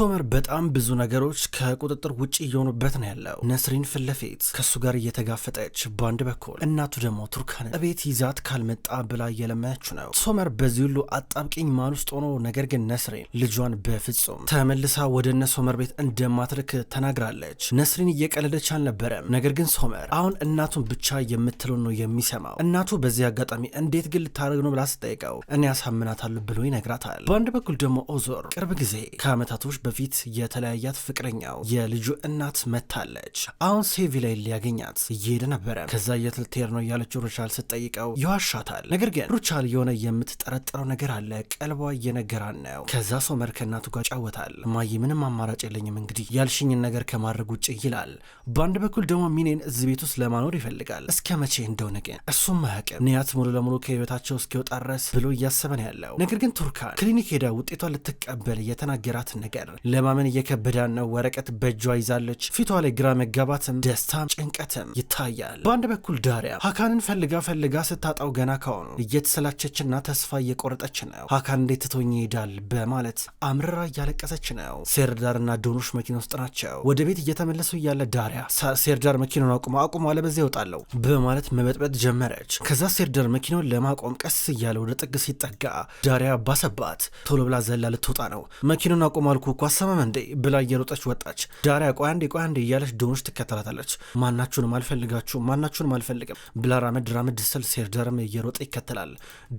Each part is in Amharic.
ሶመር በጣም ብዙ ነገሮች ከቁጥጥር ውጭ እየሆኑበት ነው ያለው። ነስሪን ፊት ለፊት ከእሱ ጋር እየተጋፈጠች በአንድ በኩል እናቱ ደግሞ ቱርካን እቤት ይዛት ካልመጣ ብላ እየለመነችው ነው። ሶመር በዚህ ሁሉ አጣብቂኝ ማል ውስጥ ሆኖ ነገር ግን ነስሪን ልጇን በፍጹም ተመልሳ ወደ እነ ሶመር ቤት እንደማትልክ ተናግራለች። ነስሪን እየቀለደች አልነበረም። ነገር ግን ሶመር አሁን እናቱን ብቻ የምትለውን ነው የሚሰማው። እናቱ በዚህ አጋጣሚ እንዴት ግን ልታደርግ ነው ብላ ስጠይቀው እኔ ያሳምናታለሁ ብሎ ይነግራታል። በአንድ በኩል ደግሞ ኦዞር ቅርብ ጊዜ ከአመታቶች በ በፊት የተለያያት ፍቅረኛው የልጁ እናት መታለች። አሁን ሴቪላይን ሊያገኛት እየሄደ ነበረ። ከዛ የት ልትሄድ ነው እያለች ሩቻል ስትጠይቀው ይዋሻታል። ነገር ግን ሩቻል የሆነ የምትጠረጥረው ነገር አለ፣ ቀልቧ እየነገራን ነው። ከዛ ሶመር ከእናቱ ጋር ጫወታል። ማይ ምንም አማራጭ የለኝም እንግዲህ ያልሽኝን ነገር ከማድረግ ውጭ ይላል። በአንድ በኩል ደግሞ ሚኔን እዚህ ቤት ውስጥ ለማኖር ይፈልጋል። እስከ መቼ እንደሆነ ግን እሱም አያውቅም። ንያት ሙሉ ለሙሉ ከህይወታቸው እስኪወጣ ድረስ ብሎ እያሰበን ያለው። ነገር ግን ቱርካን ክሊኒክ ሄዳ ውጤቷን ልትቀበል የተናገራትን ነገር ነበር። ለማመን እየከበዳን ነው። ወረቀት በእጇ ይዛለች። ፊቷ ላይ ግራ መጋባትም ደስታም ጭንቀትም ይታያል። በአንድ በኩል ዳሪያ ሀካንን ፈልጋ ፈልጋ ስታጣው ገና ካሁኑ እየተሰላቸችና ተስፋ እየቆረጠች ነው። ሀካን እንዴት ትቶኝ ይሄዳል በማለት አምርራ እያለቀሰች ነው። ሴርዳርና ዶኖሽ መኪና ውስጥ ናቸው። ወደ ቤት እየተመለሱ እያለ ዳሪያ ሴርዳር መኪናውን አቁማ አቁሞ አለበዚያ ይወጣለሁ በማለት መበጥበጥ ጀመረች። ከዛ ሴርዳር መኪናውን ለማቆም ቀስ እያለ ወደ ጥግ ሲጠጋ ዳሪያ ባሰባት። ቶሎ ብላ ዘላ ልትወጣ ነው። መኪናውን አቁም አልኩ አትጓሰምም እንዴ ብላ እየሮጠች ወጣች። ዳሪያ ቆይ አንዴ ቆይ አንዴ እያለች ዶኖች ትከተላታለች። ማናችሁንም አልፈልጋችሁም፣ ማናችሁንም አልፈልግም ብላ ራመድ ራመድ ስል ሴርደርም እየሮጠ ይከተላል።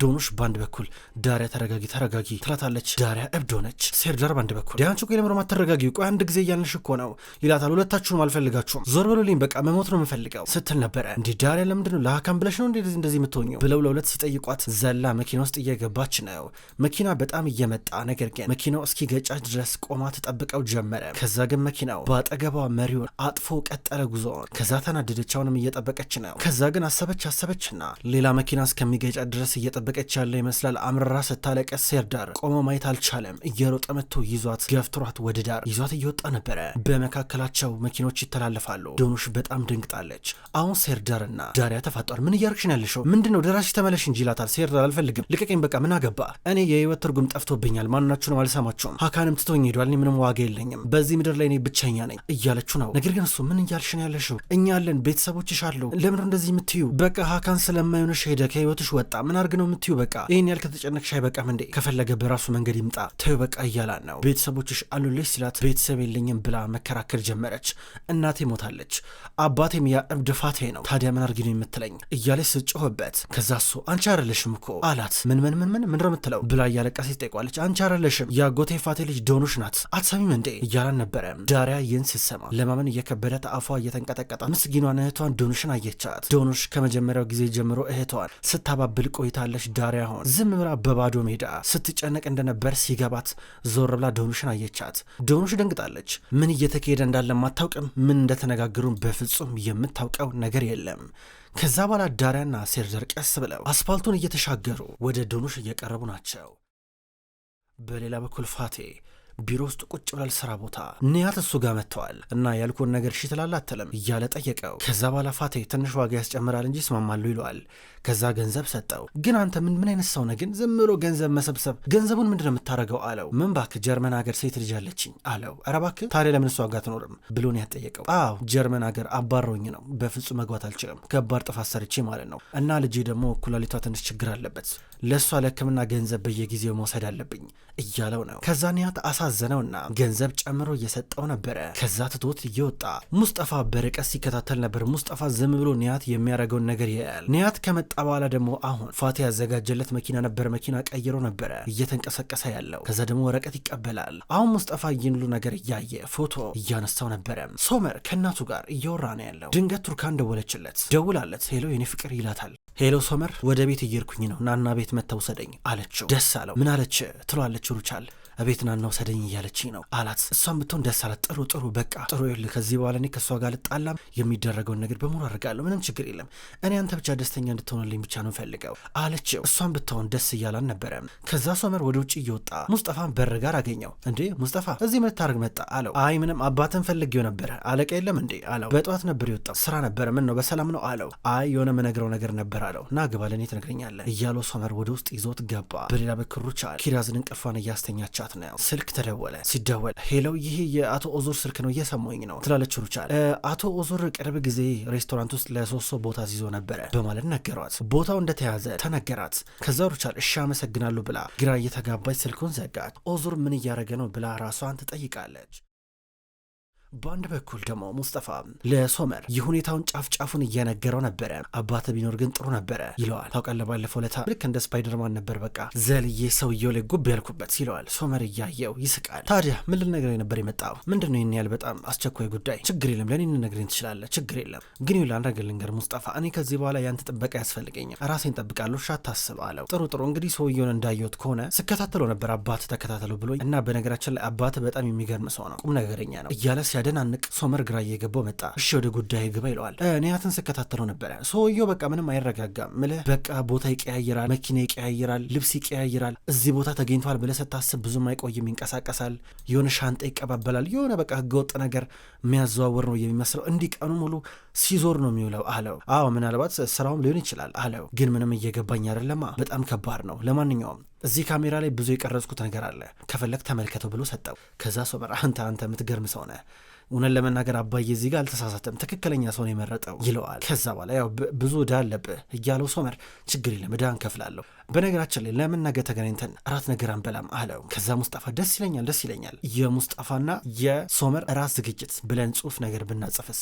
ዶኖች በአንድ በኩል ዳሪያ ተረጋጊ ተረጋጊ ትላታለች። ዳሪያ እብድ ሆነች። ሴርደር በአንድ በኩል ዲያንቹ ቆይ ለምሮ ማተረጋጊ ቆይ አንድ ጊዜ እያልንሽ እኮ ነው ይላታል። ሁለታችሁንም አልፈልጋችሁም፣ ዞር በሉልኝ፣ በቃ መሞት ነው የምፈልገው ስትል ነበረ። እንዲህ ዳሪያ ለምንድን ነው ለሀካም ብለሽ ነው እንደዚህ እንደዚህ የምትሆኙ ብለው ለሁለት ሲጠይቋት ዘላ መኪና ውስጥ እየገባች ነው። መኪና በጣም እየመጣ ነገር ግን መኪናው እስኪ ገጫች ድረስ ቆማ ትጠብቀው ጀመረ። ከዛ ግን መኪናው በአጠገቧ መሪውን አጥፎ ቀጠለ ጉዞውን። ከዛ ተናደደች። አሁንም እየጠበቀች ነው። ከዛ ግን አሰበች አሰበችና ሌላ መኪና እስከሚገጫ ድረስ እየጠበቀች ያለ ይመስላል። አምርራ ስታለቀ ሴርዳር ቆሞ ማየት አልቻለም። እየሮጠ መጥቶ ይዟት ገፍትሯት ወደ ዳር ይዟት እየወጣ ነበረ። በመካከላቸው መኪኖች ይተላለፋሉ። ዶኖሽ በጣም ደንግጣለች። አሁን ሴርዳርና ዳሪያ ተፋጧል። ምን እያርክሽ ነው ያለሽው? ምንድን ነው ደራሽ ተመለሽ እንጂ ይላታል። ሴርዳር አልፈልግም፣ ልቀቀኝ፣ በቃ ምን አገባ እኔ የህይወት ትርጉም ጠፍቶብኛል። ማናችሁንም አልሰማችሁም። ሀካንም ትቶኝ ሄዷል ይወዳል፣ እኔ ምንም ዋጋ የለኝም፣ በዚህ ምድር ላይ እኔ ብቸኛ ነኝ እያለችው ነው። ነገር ግን እሱ ምን እያልሽ ነው ያለሽው? እኛ አለን፣ ቤተሰቦችሽ አሉ፣ ለምን እንደዚህ የምትዩ? በቃ ሀካን ስለማይሆንሽ ሄደ፣ ከህይወትሽ ወጣ፣ ምን አርግ ነው የምትዩ? በቃ ይህን ያህል ከተጨነቅሽ አይበቃም እንዴ? ከፈለገ በራሱ መንገድ ይምጣ፣ ተዩ በቃ እያላን ነው። ቤተሰቦችሽ አሉልሽ ሲላት ቤተሰብ የለኝም ብላ መከራከር ጀመረች። እናቴ ሞታለች፣ አባቴም ያ እብድፋቴ ነው፣ ታዲያ ምን አርግ ነው የምትለኝ? እያለች ስጮህበት ከዛ እሱ አንቺ አይደለሽም እኮ አላት። ምን ምን ምን ምን ምንድን ነው የምትለው ብላ እያለቀሰች ትጠይቋለች። አንቺ አይደለሽም ያጎቴ ፋቴ ልጅ ዶኑሽ ናት ናት አትሰሚም እንዴ እያላን ነበረ። ዳሪያ ይህን ስትሰማ ለማመን እየከበዳት አፏ እየተንቀጠቀጠ ምስጊኗን እህቷን ዶኖሽን አየቻት። ዶኖሽ ከመጀመሪያው ጊዜ ጀምሮ እህቷን ስታባብል ቆይታለች። ዳሪያ ሆን ዝም ብላ በባዶ ሜዳ ስትጨነቅ እንደነበር ሲገባት ዞር ብላ ዶኖሽን አየቻት። ዶኖሽ ደንግጣለች። ምን እየተካሄደ እንዳለም አታውቅም። ምን እንደተነጋገሩን በፍጹም የምታውቀው ነገር የለም። ከዛ በኋላ ዳሪያና ሴርዘር ቀስ ብለው አስፋልቱን እየተሻገሩ ወደ ዶኖሽ እየቀረቡ ናቸው። በሌላ በኩል ፋቴ ቢሮ ውስጥ ቁጭ ብላል ስራ ቦታ ንያት እሱ ጋር መጥተዋል እና ያልኩን ነገር እሺ ትላል አትልም እያለ ጠየቀው። ከዛ በኋላ ፋቴ ትንሽ ዋጋ ያስጨምራል እንጂ ይስማማሉ ይለዋል። ከዛ ገንዘብ ሰጠው። ግን አንተ ምን ምን አይነት ሰው ነህ ግን ዝም ብሎ ገንዘብ መሰብሰብ ገንዘቡን ምንድን ነው የምታደርገው አለው። ምን ባክ ጀርመን ሀገር ሴት ልጅ አለችኝ አለው። ኧረ እባክህ ታዲያ ለምን እሷ ጋር አትኖርም ብሎ ነው ያጠየቀው። አዎ ጀርመን ሀገር አባረውኝ ነው በፍጹም መግባት አልችልም። ከባድ ጥፋት ሰርቼ ማለት ነው እና ልጄ ደግሞ ኩላሊቷ ትንሽ ችግር አለበት ለእሷ ለህክምና ገንዘብ በየጊዜው መውሰድ አለብኝ እያለው ነው። ከዛ ኒያት አሳዘነውና ገንዘብ ጨምሮ እየሰጠው ነበረ። ከዛ ትቶት እየወጣ ሙስጠፋ በርቀት ሲከታተል ነበር። ሙስጠፋ ዝም ብሎ ኒያት የሚያደርገውን ነገር ያያል። ኒያት ከመጣ በኋላ ደግሞ አሁን ፏት ያዘጋጀለት መኪና ነበር። መኪና ቀይሮ ነበረ እየተንቀሳቀሰ ያለው። ከዛ ደግሞ ወረቀት ይቀበላል። አሁን ሙስጠፋ ይህን ሁሉ ነገር እያየ ፎቶ እያነሳው ነበረ። ሶመር ከእናቱ ጋር እያወራ ነው ያለው። ድንገት ቱርካን ደወለችለት። ደውላለት ሄሎ የኔ ፍቅር ይላታል። ሄሎ ሶመር፣ ወደ ቤት እየርኩኝ ነው ናና ቤት ቤት መተውሰደኝ አለችው። ደስ አለው። ምን አለች ትሏለች ሩቻል እቤት ና ውሰደኝ እያለችኝ ነው አላት። እሷን ብትሆን ደስ አላት። ጥሩ ጥሩ በቃ ጥሩ ይል ከዚህ በኋላ እኔ ከእሷ ጋር ልጣላም፣ የሚደረገውን ነገር በሙሉ አድርጋለሁ። ምንም ችግር የለም። እኔ አንተ ብቻ ደስተኛ እንድትሆንልኝ ብቻ ነው ፈልገው አለችው። እሷን ብትሆን ደስ እያላን ነበረ። ከዛ ሶመር ወደ ውጭ እየወጣ ሙስጠፋን በር ጋር አገኘው። እንዴ ሙስጠፋ እዚህ ምን ልታደርግ መጣ አለው። አይ ምንም አባትን ፈልጌው ነበረ። አለቀ የለም እንዴ አለው። በጠዋት ነበር የወጣው ስራ ነበረ። ምን ነው በሰላም ነው አለው። አይ የሆነ መነግረው ነገር ነበር አለው። ና ግባ ለእኔ ትነግረኛለህ እያለው ሶመር ወደ ውስጥ ይዞት ገባ። በሌላ በኩል ሩቻል ኪራዝን እንቅልፏን እያስተኛቻት ሰዓት ነው። ስልክ ተደወለ። ሲደወል ሄለው ይሄ የአቶ ኦዞር ስልክ ነው እየሰማኝ ነው ትላለች ሩቻል። አቶ ኦዞር ቅርብ ጊዜ ሬስቶራንት ውስጥ ለሶስት ሰው ቦታ ሲዞ ነበረ በማለት ነገሯት። ቦታው እንደተያዘ ተነገራት። ከዛ ሩቻል እሺ አመሰግናለሁ ብላ ግራ እየተጋባች ስልኩን ዘጋች። ኦዞር ምን እያደረገ ነው ብላ ራሷን ትጠይቃለች። በአንድ በኩል ደግሞ ሙስጠፋ ለሶመር የሁኔታውን ጫፍ ጫፉን እየነገረው ነበረ። አባት ቢኖር ግን ጥሩ ነበረ ይለዋል። ታውቃለህ፣ ባለፈው ለታ ልክ እንደ ስፓይደርማን ነበር በቃ ዘልዬ ሰውየው ላይ ጉብ ያልኩበት ይለዋል። ሶመር እያየው ይስቃል። ታዲያ ምን ልነግረኝ ነበር የመጣው? ምንድን ነው ይህን ያህል በጣም አስቸኳይ ጉዳይ? ችግር የለም ለእኔ ልነግረኝ ትችላለህ፣ ችግር የለም ግን ይኸውልህ አንድ ነገር ልንገር ሙስጠፋ፣ እኔ ከዚህ በኋላ ያንተ ጥበቃ ያስፈልገኝም፣ ራሴን ጠብቃለሁ፣ ሻ ታስብ አለው። ጥሩ ጥሩ፣ እንግዲህ ሰውየውን እንዳየሁት ከሆነ ስከታተለው ነበር አባት ተከታተለው ብሎኝ እና በነገራችን ላይ አባት በጣም የሚገርም ሰው ነው፣ ቁም ነገረኛ ነው እያለ ሲያ ሲያደናንቅ ሶመር ግራ እየገባው መጣ። እሺ ወደ ጉዳይ ግባ ይለዋል። ኒያትን ስከታተለው ነበረ። ሰውየው በቃ ምንም አይረጋጋም። ምልህ በቃ ቦታ ይቀያይራል፣ መኪና ይቀያይራል፣ ልብስ ይቀያይራል። እዚህ ቦታ ተገኝቷል ብለህ ስታስብ ብዙም አይቆይም፣ ይንቀሳቀሳል። የሆነ ሻንጣ ይቀባበላል። የሆነ በቃ ህገወጥ ነገር የሚያዘዋውር ነው የሚመስለው። እንዲህ ቀኑ ሙሉ ሲዞር ነው የሚውለው አለው። አዎ ምናልባት ስራውም ሊሆን ይችላል አለው። ግን ምንም እየገባኝ አይደለማ፣ በጣም ከባድ ነው። ለማንኛውም እዚህ ካሜራ ላይ ብዙ የቀረጽኩት ነገር አለ፣ ከፈለግ ተመልከተው ብሎ ሰጠው። ከዛ ሶመር አንተ አንተ የምትገርም ሰው ነህ እውነት ለመናገር አባዬ እዚህ ጋር አልተሳሳተም፣ ትክክለኛ ሰውን የመረጠው ይለዋል። ከዛ በኋላ ያው ብዙ ዕዳ አለብህ እያለው ሶመር ችግር የለም ዕዳ እንከፍላለሁ፣ በነገራችን ላይ ለምን ነገ ተገናኝተን እራት ነገር አንበላም አለው። ከዛ ሙስጣፋ ደስ ይለኛል ደስ ይለኛል የሙስጣፋና የሶመር እራት ዝግጅት ብለን ጽሁፍ ነገር ብናጽፍስ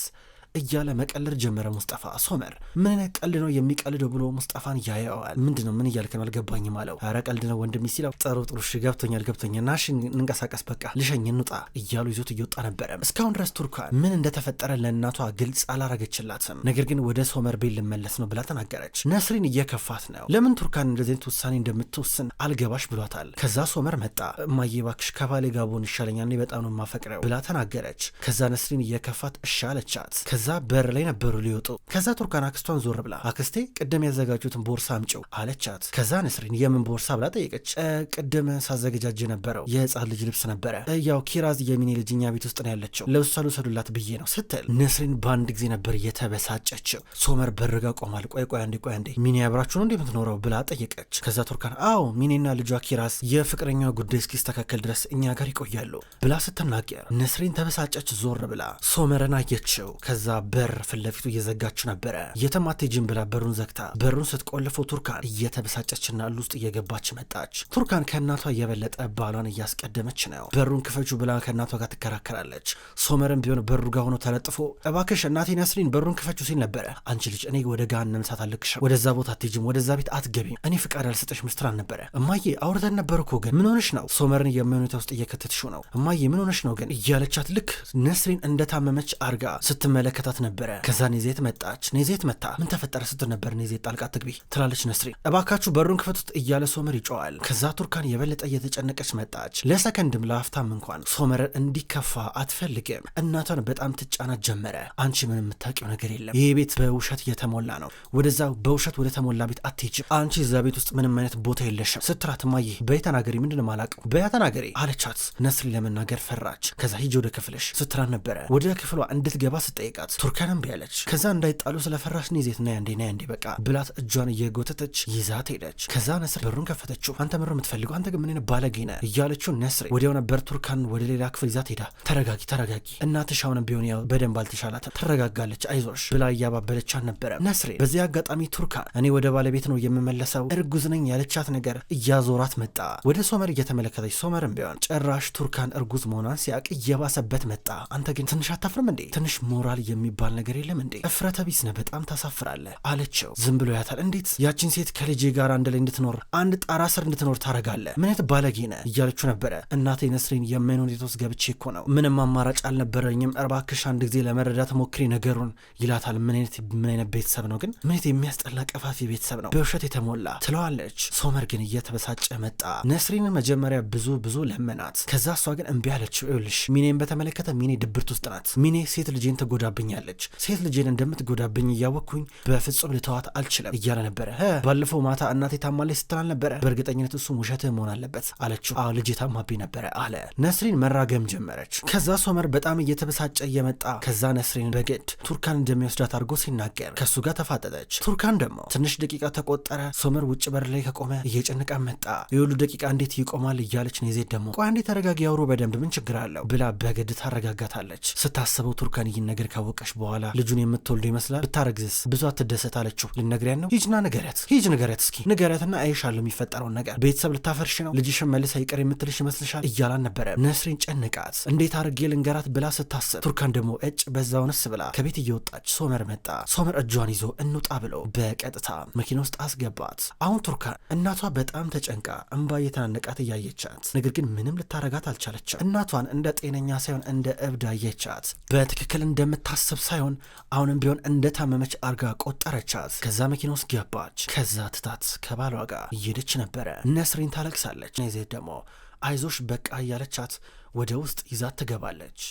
እያለ መቀለድ ጀመረ። ሙስጠፋ ሶመር ምን አይነት ቀልድ ነው የሚቀልደው ብሎ ሙስጠፋን ያየዋል። ምንድን ነው ምን እያልክ ነው አልገባኝም አለው። ኧረ ቀልድ ነው ወንድሜ ሲለው ጥሩ ጥሩ እሺ ገብቶኛል ገብቶኛል ናሽ እንንቀሳቀስ በቃ ልሸኝ እንውጣ እያሉ ይዞት እየወጣ ነበረ። እስካሁን ድረስ ቱርካን ምን እንደተፈጠረ ለእናቷ ግልጽ አላረገችላትም። ነገር ግን ወደ ሶመር ቤት ልመለስ ነው ብላ ተናገረች። ነስሪን እየከፋት ነው። ለምን ቱርካን እንደዚህ አይነት ውሳኔ እንደምትወስን አልገባሽ ብሏታል። ከዛ ሶመር መጣ። እማዬ እባክሽ ከባሌ ጋር ብሆን ይሻለኛል እኔ በጣም ነው የማፈቅረው ብላ ተናገረች። ከዛ ነስሪን እየከፋት እሺ አለቻት። ከዛ በር ላይ ነበሩ ሊወጡ። ከዛ ቱርካን አክስቷን ዞር ብላ አክስቴ ቅድም ያዘጋጁትን ቦርሳ አምጪው አለቻት። ከዛ ነስሪን የምን ቦርሳ ብላ ጠየቀች። ቅድም ሳዘገጃጅ ነበረው የህፃን ልጅ ልብስ ነበረ። ያው ኪራዝ የሚኔ ልጅ እኛ ቤት ውስጥ ነው ያለችው ለብሷ ልውሰዱላት ብዬ ነው ስትል ንስሪን በአንድ ጊዜ ነበር የተበሳጨችው። ሶመር በርጋ ቆማል ቆይ ቆይ አንዴ ቆይ አንዴ ሚኔ አብራችሁ ነው እንዴ የምትኖረው ብላ ጠየቀች። ከዛ ቱርካን አዎ ሚኔና ልጇ ኪራዝ የፍቅረኛ ጉዳይ እስኪስተካከል ድረስ እኛ ጋር ይቆያሉ ብላ ስትናገር ንስሪን ተበሳጨች። ዞር ብላ ሶመርን አየችው። ከዛ በር ፊት ለፊቱ እየዘጋችሁ ነበረ። የተማቴ ብላ በሩን ዘግታ በሩን ስትቆልፈው ቱርካን እየተበሳጨችና ሉ ውስጥ እየገባች መጣች። ቱርካን ከእናቷ እየበለጠ ባሏን እያስቀደመች ነው። በሩን ክፈቹ ብላ ከእናቷ ጋር ትከራከራለች። ሶመርም ቢሆን በሩ ጋር ሆኖ ተለጥፎ እባክሽ እናቴን ያስሪን በሩን ክፈቹ ሲል ነበረ። አንቺ ልጅ እኔ ወደ ገሃነም እሳት አልክሽ፣ ወደዛ ቦታ አትሄጂም፣ ወደዛ ቤት አትገቢም፣ እኔ ፍቃድ አልሰጠሽ ምስትል ነበረ። እማዬ አውርተን ነበር እኮ ግን ምን ሆነሽ ነው? ሶመርን የመኖታ ውስጥ እየከተትሽው ነው። እማዬ ምን ሆነሽ ነው ግን እያለቻት ልክ ነስሪን እንደታመመች አርጋ ስትመለከ ትመለከታት ነበረ። ከዛ ኔዜት መጣች። ኔዜት መታ ምን ተፈጠረ ስትል ነበር። ኔዜት ጣልቃ ትግቢ ትላለች ነስሪን። እባካችሁ በሩን ክፈቱት እያለ ሶመር ይጮዋል። ከዛ ቱርካን የበለጠ እየተጨነቀች መጣች። ለሰከንድም ለአፍታም እንኳን ሶመርን እንዲከፋ አትፈልግም። እናቷን በጣም ትጫናት ጀመረ። አንቺ ምን የምታውቂው ነገር የለም። ይህ ቤት በውሸት የተሞላ ነው። ወደዛ በውሸት ወደ ተሞላ ቤት አትሄጂም። አንቺ እዛ ቤት ውስጥ ምንም አይነት ቦታ የለሽም ስትራት ማየ በየተናገሪ ምንድን ማላቀው በየተናገሪ አለቻት። ነስሪ ለመናገር ፈራች። ከዛ ሂጅ ወደ ክፍልሽ ስትላት ነበረ። ወደ ክፍሏ እንድትገባ ስጠይቃት አስገባት። ቱርካን ቢያለች ከዛ እንዳይጣሉ ስለፈራሽ ኒ ዜት ና ያንዴ ና ያንዴ በቃ ብላት እጇን እየጎተተች ይዛት ሄደች። ከዛ ነስር በሩን ከፈተችው። አንተ ምሮ የምትፈልገው አንተ ግን ምን ባለጌ ነ እያለችው ነስሬ ወዲያው ነበር ቱርካን ወደ ሌላ ክፍል ይዛት ሄዳ ተረጋጊ ተረጋጊ፣ እናትሽ አሁንም ቢሆን ያው በደንብ አልተሻላትም፣ ተረጋጋለች፣ አይዞሽ ብላ እያባበለች አልነበረም ነስሬ። በዚህ አጋጣሚ ቱርካን እኔ ወደ ባለቤት ነው የምመለሰው እርጉዝ ነኝ ያለቻት ነገር እያዞራት መጣ። ወደ ሶመር እየተመለከተች ሶመርም ቢሆን ጭራሽ ቱርካን እርጉዝ መሆኗን ሲያቅ እየባሰበት መጣ። አንተ ግን ትንሽ አታፍርም እንዴ? ትንሽ ሞራል የ የሚባል ነገር የለም እንዴ? እፍረተ ቢስ ነህ፣ በጣም ታሳፍራለህ አለችው። ዝም ብሎ ያታል። እንዴት ያችን ሴት ከልጄ ጋር አንድ ላይ እንድትኖር አንድ ጣራ ስር እንድትኖር ታደርጋለህ? ምን አይነት ባለጌ ነህ እያለችው ነበረ። እናቴ ነስሪን የማይሆን ሁኔታ ውስጥ ገብቼ እኮ ነው፣ ምንም አማራጭ አልነበረኝም። እባክሽ አንድ ጊዜ ለመረዳት ሞክሬ ነገሩን ይላታል። ምን አይነት ምን አይነት ቤተሰብ ነው ግን? ምን አይነት የሚያስጠላ ቀፋፊ ቤተሰብ ነው፣ በውሸት የተሞላ ትለዋለች። ሶመር ግን እየተበሳጨ መጣ። ነስሪንን መጀመሪያ ብዙ ብዙ ለመናት፣ ከዛ እሷ ግን እምቢ አለችው። ይኸውልሽ ሚኔን በተመለከተ ሚኔ ድብርት ውስጥ ናት። ሚኔ ሴት ልጄን ተጎዳብኝ ትገኛለች። ሴት ልጄን እንደምትጎዳብኝ እያወቅኩኝ በፍጹም ልተዋት አልችልም እያለ ነበረ። ባለፈው ማታ እናቴ ታማለች ስትላል ነበረ። በእርግጠኝነት እሱም ውሸት መሆን አለበት አለችው። አዎ ልጄ ታማቢ ነበረ አለ። ነስሪን መራገም ጀመረች። ከዛ ሶመር በጣም እየተበሳጨ እየመጣ ከዛ ነስሪን በግድ ቱርካን እንደሚወስዳት አድርጎ ሲናገር ከእሱ ጋር ተፋጠጠች። ቱርካን ደግሞ ትንሽ ደቂቃ ተቆጠረ። ሶመር ውጭ በር ላይ ከቆመ እየጨነቃ መጣ። የሁሉ ደቂቃ እንዴት ይቆማል እያለች ኔዜድ ደግሞ ቆይ አንዴ ተረጋጊ፣ አውሮ በደንብ ምን ችግር አለው ብላ በግድ ታረጋጋታለች። ስታስበው ቱርካን ይህን ነገር ካወቀ ካበቃሽ በኋላ ልጁን የምትወልዱ ይመስላል ብታረግዝስ ብዙ አትደሰት አለችው። ልነግሪያት ነው? ሂጅና ንገሪያት፣ ሂጅ ንገሪያት፣ እስኪ ንገሪያትና አይሻለሁ የሚፈጠረውን ነገር። ቤተሰብ ልታፈርሽ ነው፣ ልጅሽን መልስ አይቀር የምትልሽ ይመስልሻል? እያላን ነበረ። ነስሬን ጨነቃት። እንዴት አርጌ ልንገራት ብላ ስታስብ ቱርካን ደግሞ እጭ በዛውንስ ብላ ከቤት እየወጣች ሶመር መጣ። ሶመር እጇን ይዞ እንውጣ ብሎ በቀጥታ መኪና ውስጥ አስገባት። አሁን ቱርካን እናቷ በጣም ተጨንቃ እንባ እየተናነቃት እያየቻት፣ ነገር ግን ምንም ልታረጋት አልቻለችም። እናቷን እንደ ጤነኛ ሳይሆን እንደ እብድ አየቻት። በትክክል እንደምታ ማሰብ ሳይሆን አሁንም ቢሆን እንደታመመች አርጋ ቆጠረቻት። ከዛ መኪና ውስጥ ገባች። ከዛ ትታት ከባሏ ጋር እየሄደች ነበረ። ነስሪን ታለቅሳለች። ዜድ ደግሞ አይዞሽ በቃ እያለቻት ወደ ውስጥ ይዛት ትገባለች።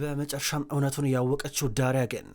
በመጨረሻም እውነቱን ያወቀችው ዳሪያ ግን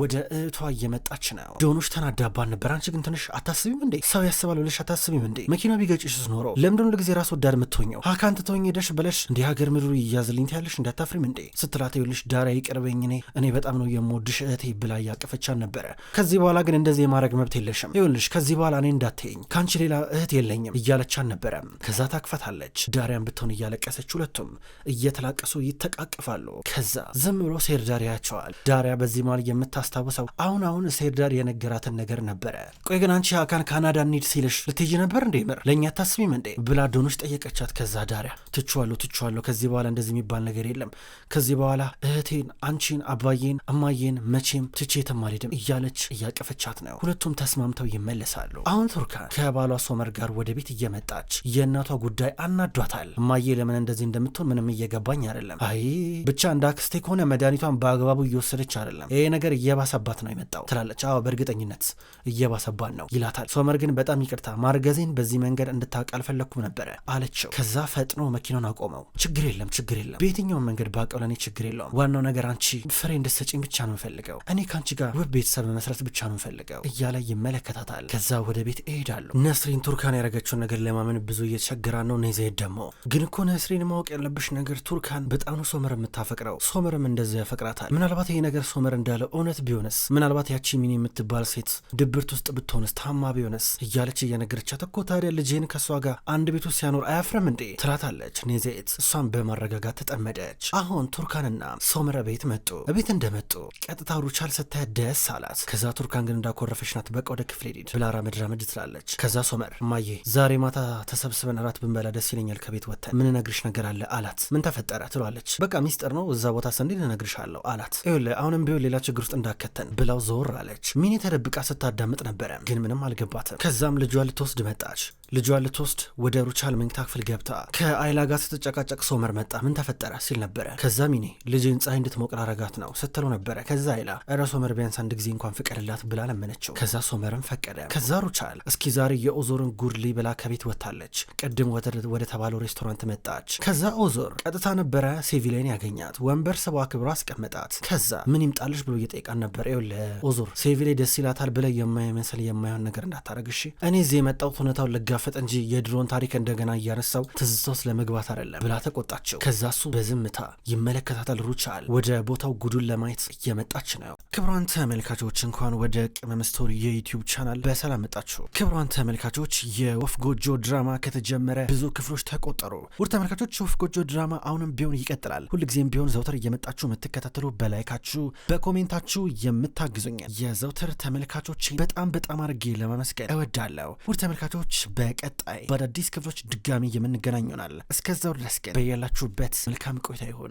ወደ እህቷ እየመጣች ነው። ዶኖች ተናዳባን ነበር። አንቺ ግን ትንሽ አታስቢም እንዴ? ሰው ያስባል ብለሽ አታስቢም እንዴ? መኪና ቢገጭሽ ኖረው ለምንድን ለጊዜ ራስ ወዳድ የምትሆኘው? ሀካን ትተወኝ ሄደሽ ብለሽ እንዲህ ሀገር ምድሩ ይያዝልኝ ትያለሽ እንዳታፍሪም እንዴ ስትላት፣ ይኸውልሽ ዳራ ይቅርበኝ፣ እኔ እኔ በጣም ነው የምወድሽ እህቴ ብላ እያቀፈቻን ነበረ። ከዚህ በኋላ ግን እንደዚህ የማድረግ መብት የለሽም፣ ይኸውልሽ ከዚህ በኋላ እኔ እንዳትይኝ፣ ከአንቺ ሌላ እህት የለኝም እያለቻን ነበረ። ከዛ ታክፈታለች። ዳሪያን ብትሆን እያለቀሰች፣ ሁለቱም እየተላቀሱ ይተቃቅፋሉ። ከዛ ዝም ብሎ ሴር ዳሪያቸዋል። ዳሪያ በዚህ መሃል የምታ ሳስታውሰው አሁን አሁን ሴርዳር የነገራትን ነገር ነበረ። ቆይ ግን አንቺ አካን ካናዳ እንሂድ ሲልሽ ልትይ ነበር እንዴ? ምር ለእኛ አታስቢም እንዴ ብላ ዶኖች ጠየቀቻት። ከዛ ዳሪያ ትችዋለሁ፣ ትችዋለሁ። ከዚህ በኋላ እንደዚህ የሚባል ነገር የለም። ከዚህ በኋላ እህቴን፣ አንቺን፣ አባዬን፣ እማዬን መቼም ትቼ ተማሪድም እያለች እያቀፈቻት ነው። ሁለቱም ተስማምተው ይመለሳሉ። አሁን ቱርካን ከባሏ ሶመር ጋር ወደ ቤት እየመጣች የእናቷ ጉዳይ አናዷታል። እማዬ ለምን እንደዚህ እንደምትሆን ምንም እየገባኝ አይደለም። አይ ብቻ እንደ አክስቴ ከሆነ መድኃኒቷን በአግባቡ እየወሰደች አይደለም። ይሄ ነገር እየባሰባት ነው የመጣው ትላለች። አዎ በእርግጠኝነት እየባሰባን ነው ይላታል። ሶመር ግን በጣም ይቅርታ ማርገዜን በዚህ መንገድ እንድታውቅ አልፈለግኩም ነበረ አለችው። ከዛ ፈጥኖ መኪናውን አቆመው። ችግር የለም ችግር የለም፣ በየትኛውን መንገድ ባውቀው ለእኔ ችግር የለውም። ዋናው ነገር አንቺ ፍሬ እንድትሰጪኝ ብቻ ነው ፈልገው። እኔ ከአንቺ ጋር ውብ ቤተሰብ መመስረት ብቻ ነው የምፈልገው እያለ ይመለከታታል። ከዛ ወደ ቤት እሄዳሉ። ነስሪን ቱርካን ያደረገችውን ነገር ለማመን ብዙ እየተቸገራ ነው። ነይ ደግሞ ግን እኮ ነስሪን ማወቅ ያለብሽ ነገር ቱርካን በጣም ሶመር የምታፈቅረው ሶመርም እንደዚያ ያፈቅራታል። ምናልባት ይሄ ነገር ሶመር እንዳለው እውነት ቢሆነስ? ምናልባት ያቺ ሚኒ የምትባል ሴት ድብርት ውስጥ ብትሆንስ? ታማ ቢሆነስ? እያለች እየነገረቻት እኮ ታዲያ ልጄን ከእሷ ጋር አንድ ቤቱ ሲያኖር አያፍረም እንዴ ትላታለች ኔዜት። እሷን በማረጋጋት ተጠመደች። አሁን ቱርካንና ሶመረ ቤት መጡ። ቤት እንደመጡ ቀጥታ ሩቻል ስታያት ደስ አላት። ከዛ ቱርካን ግን እንዳኮረፈች ናት። በቃ ወደ ክፍል ሄድ ብላ ራመድ ራመድ ትላለች። ከዛ ሶመር ማዬ ዛሬ ማታ ተሰብስበን እራት ብንበላ ደስ ይለኛል። ከቤት ወጥተን ምን እነግርሽ ነገር አለ አላት። ምን ተፈጠረ ትሏለች። በቃ ሚስጥር ነው እዛ ቦታ ሰንዴ እነግርሻለሁ አላት። ይኸውልህ አሁንም ቢሆን ሌላ ችግር ውስጥ እንዳ እንዳከተን ብላው ዞር አለች። ሚኔ ተደብቃ ስታዳምጥ ነበረ፣ ግን ምንም አልገባትም። ከዛም ልጇ ልትወስድ መጣች። ልጇን ልትወስድ ወደ ሩቻል መኝታ ክፍል ገብታ ከአይላ ጋር ስትጨቃጨቅ ሶመር መጣ። ምን ተፈጠረ ሲል ነበረ። ከዛ ሚኔ ልጅን ፀሐይ እንድትሞቅር አረጋት ነው ስትለው ነበረ። ከዛ አይላ እረ ሶመር ቢያንስ አንድ ጊዜ እንኳን ፍቀድላት ብላ ለመነችው። ከዛ ሶመርም ፈቀደ። ከዛ ሩቻል እስኪ ዛሬ የኦዞርን ጉድሊ ብላ ከቤት ወጥታለች። ቅድም ወደ ተባለው ሬስቶራንት መጣች። ከዛ ኦዞር ቀጥታ ነበረ ሴቪላይን ያገኛት። ወንበር ስቧ ክብሮ አስቀመጣት። ከዛ ምን ይምጣልሽ ብሎ እየጠየቃን ነበር። ይኸውልህ ኦዞር ሴቪላይ ደስ ይላታል ብለ የማይመስል የማይሆን ነገር እንዳታረግሽ እኔ እዚህ የመጣሁት እውነታውን ልጋ ስለተጋፈጠ እንጂ የድሮን ታሪክ እንደገና እያነሳው ትዝታ ውስጥ ለመግባት አይደለም ብላ ተቆጣቸው። ከዛ እሱ በዝምታ ይመለከታታል። ሩቻል ወደ ቦታው ጉዱን ለማየት እየመጣች ነው። ክብሯን ተመልካቾች እንኳን ወደ ቅመም ስቶሪ የዩቲዩብ ቻናል በሰላም መጣችሁ። ክብሯን ተመልካቾች የወፍ ጎጆ ድራማ ከተጀመረ ብዙ ክፍሎች ተቆጠሩ። ውድ ተመልካቾች የወፍ ጎጆ ድራማ አሁንም ቢሆን ይቀጥላል። ሁልጊዜም ቢሆን ዘውተር እየመጣችሁ የምትከታተሉ በላይካችሁ፣ በኮሜንታችሁ የምታግዙኛል የዘውተር ተመልካቾች በጣም በጣም አድርጌ ለማመስገን እወዳለሁ። ውድ ተመልካቾች በ በቀጣይ በአዳዲስ ክፍሎች ድጋሚ የምንገናኝ ይሆናል። እስከዛው ድረስ ግን በያላችሁበት መልካም ቆይታ ይሁን።